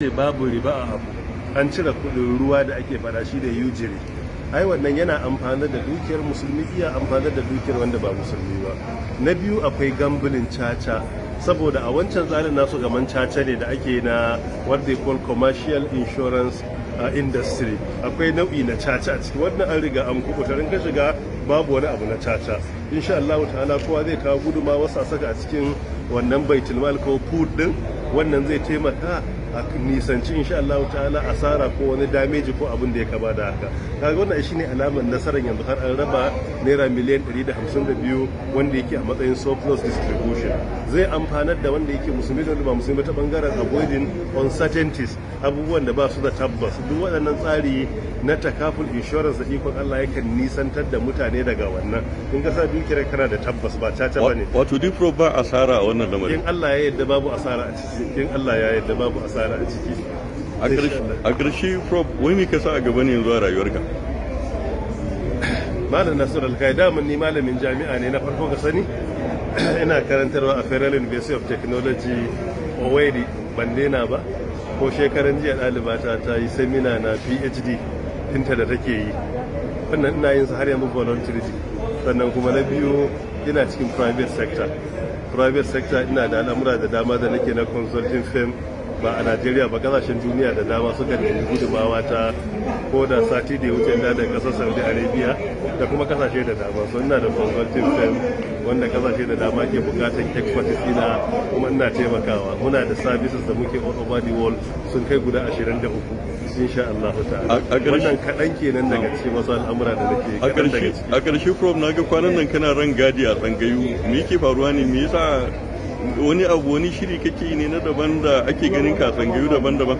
ce babu riba a abu an cire kudin ruwa da ake fada da yujiri ai wannan yana amfani da dukiyar musulmi iya amfani da dukiyar wanda ba musulmi ba na biyu akwai gambulin caca saboda a wancan tsarin nasu gaman caca ne da ake na what they call commercial insurance uh, industry akwai nau'i na caca a ciki wannan an riga an kubuta ka shiga babu wani abu na caca insha Allah ta'ala kowa zai kawo guduma wasa saka a cikin wannan baitulmal ko food din wannan zai taimaka a nisanci insha Allah ta'ala asara ko wani dameji ko abin da ya kaba da haka kaga wannan shine alamar nasarar yanzu har an raba naira miliyan 152 wanda yake a matsayin surplus distribution zai amfanar da wanda yake musulmi da ba musulmi ta bangaren avoiding uncertainties abubuwan da ba su da tabbas duk waɗannan tsari na takaful insurance da ikon Allah yakan nisantar da mutane daga wannan in ka sa dukiyar kana da tabbas ba caca bane wato duk ba asara a wannan lamarin in Allah ya yarda babu asara a cikin in Allah ya yarda babu asara a ciki a ƙarshe wai me kasa a gaba ne zuwa rayuwarka malam nasir alkai daman ni malamin jami'a ne na farko ka sani ina karantarwa a federal university of technology owerri ban daina ba ko shekaran jiya ɗalibata ta yi semina na phd ɗinta da take yi wannan ina yin su har yanzu voluntary sannan kuma na biyu ina cikin private sector private sector ina da al'amura da dama da nake na consulting firm ba a najeriya ba kasashen duniya da dama suka nemi gudumawa ta ko da sati da ya wuce da kasar saudi arabia da kuma kasashe da dama so ina da consulting firm wanda kasashe da dama ke bukatar expertise na kuma ina taimakawa muna da services da muke all over the world sun kai guda 23 insha Allah ta'ala wannan kaɗan kenan daga cikin wasu al'amura da nake a ƙarshe a ƙarshe from na ga kwanan nan kana ran gadi a tsangayu me yake faruwa ne me yasa wani abu wani shiri kake ne na daban da ake ganin ka tsangayu daban-daban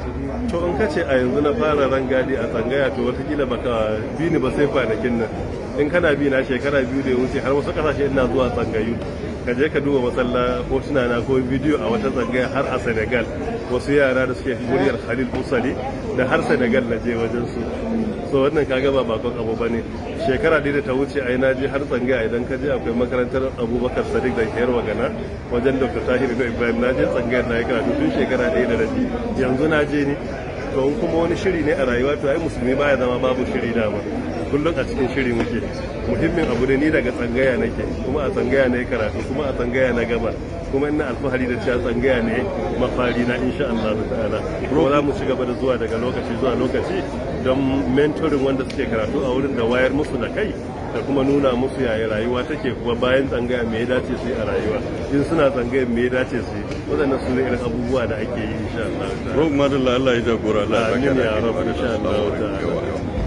to in ka ce a yanzu na fara rangadi a tsangaya to watakila baka bi ni ba sai kwanakin nan in kana bi na shekara biyu da ya wuce har wasu kasashe ina zuwa tsangayu ka je ka duba masalla hotuna na ko bidiyo a wata tsangaya har a senegal wasu yara da suke muryar khalil musali da har senegal na je wajen su so wannan kaga ba bakon abu ba ne shekara da ta wuce ai na je har tsangaya idan ka je akwai makarantar abubakar sadiq da ke yarwa gana wajen dr tahir ibrahim na je tsangayar na yi karatu tun shekara ɗaya da rabi yanzu na je ne to kuma wani shiri ne a rayuwa to ai musulmi baya zama babu shiri dama kullum a cikin shiri muke muhimmin abu ne ni daga tsangaya nake kuma a tsangaya ne karatu kuma a tsangaya na gaba kuma ina alfahari da cewa tsangaya ne mafari na insha Allah ta'ala ko za mu ci gaba da zuwa daga lokaci zuwa lokaci don mentoring wanda suke karatu a wurin da wayar musu da kai da kuma nuna musu yaya rayuwa take kuma bayan tsangaya me ya dace su a rayuwa in suna tsangaya me ya dace su waɗannan su ne irin abubuwa da ake yi insha Allah. da Madalla Allah ya jagora Allah ya baka da insha